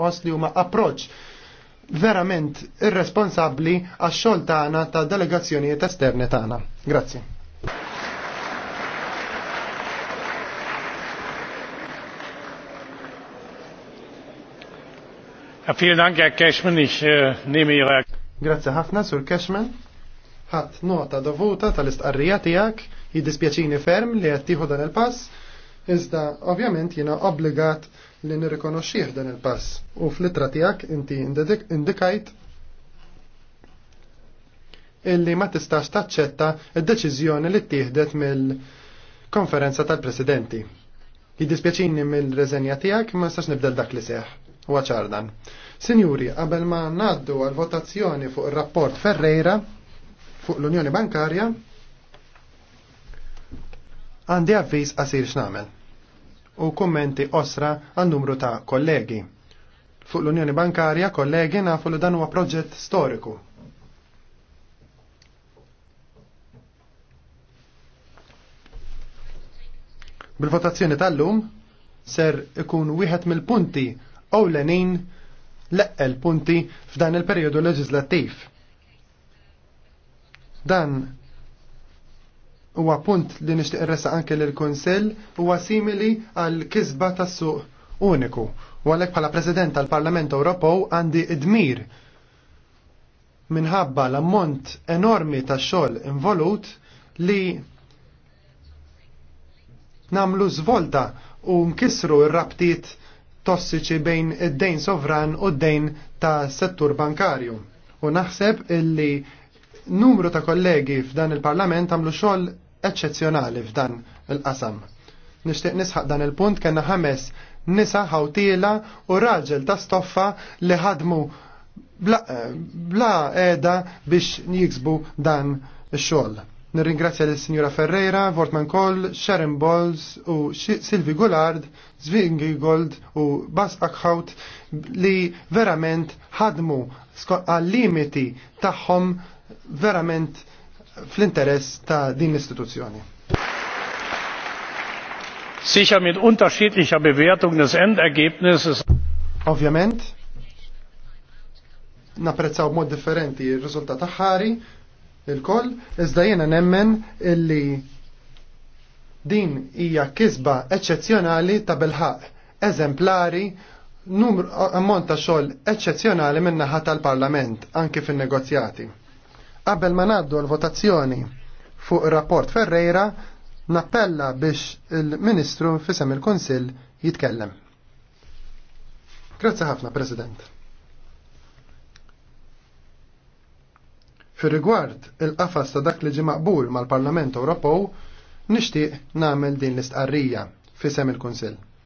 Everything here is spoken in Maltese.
os li huma approċ verament irresponsabbli għax xogħol tagħna ta' delegazzjonijiet esterne tagħna. Grazzi. Vielen Dank, Herr Cashman. Ich äh, nehme Ihre. Grazie ħafna, Sur Cashman. Ħadd nota dovuta tal-istqarrija tiegħek, jiddispjaċini ferm li qed tieħu dan il-pass. Iżda, ovvjament, jiena obbligat li nirrikonoxxih dan il-pass. U fl-ittra tiegħek inti indikajt illi ma tistax taċċetta d deċiżjoni li ttieħdet mill-konferenza tal-presidenti. Jiddispjaċini mill-reżenja tiegħek ma nistax nibdel dak li seħ. Huwa ċardan. Sinjuri, qabel ma ngħaddu għal votazzjoni fuq ir-rapport Ferreira fuq l-Unjoni Bankarja, Għandi avviż qasir x'namel u kummenti osra għan numru ta' kollegi. Fuq l-Unjoni Bankarja kollegi nafu li dan huwa proġett storiku. Bil-votazzjoni tal-lum ser ikun wieħed mill-punti ewlenin l-punti f'dan il periodu leġislattiv. Dan huwa punt li nixtieqressa irresa anke lil kunsell huwa simili għal kisba tas-suq uniku. U għalhekk bħala President tal-Parlament Ewropew għandi idmir minħabba l-ammont enormi ta' xogħol involut li namlu zvolta u nkissru r-rabtiet tossiċi bejn id-dejn sovran u d-dejn ta' settur bankarju. U naħseb illi Numru ta' kollegi f'dan il-Parlament għamlu xogħol eċċezzjonali f'dan il-qasam. Nixtieq nisħaq dan il-punt kellna ħames nisa ħawtila u raġel ta' stoffa li ħadmu bla, bla edha biex jiksbu dan ix-xogħol. Nirringrazzja l sinjura Ferreira, Vortman Koll, Sharon Bowles u Silvi Goulard, Zwingi Gold u Bas Akhaut li verament ħadmu għal-limiti tagħhom verament fl-interess ta' din l-istituzzjoni. Sicher mit unterschiedlicher Bewertung des Endergebnisses. Ovvjament, napprezzaw mod differenti il-riżultat ħari, il-koll, iżda jena nemmen illi din hija kisba eċċezzjonali ta' belħaq, eżemplari, numru ammont ta' xogħol eċċezzjonali min-naħa tal-Parlament anke fin-negozjati. Qabel ma ngħaddu l-votazzjoni fuq ir-rapport Ferreira, nappella biex il-Ministru fisem il-Kunsill jitkellem. Grazzi ħafna, President. Fir-rigward il-qafas ta' dak li ġi maqbul mal-Parlament Ewropew, nixtieq nagħmel din l-istqarrija sem il-Kunsill.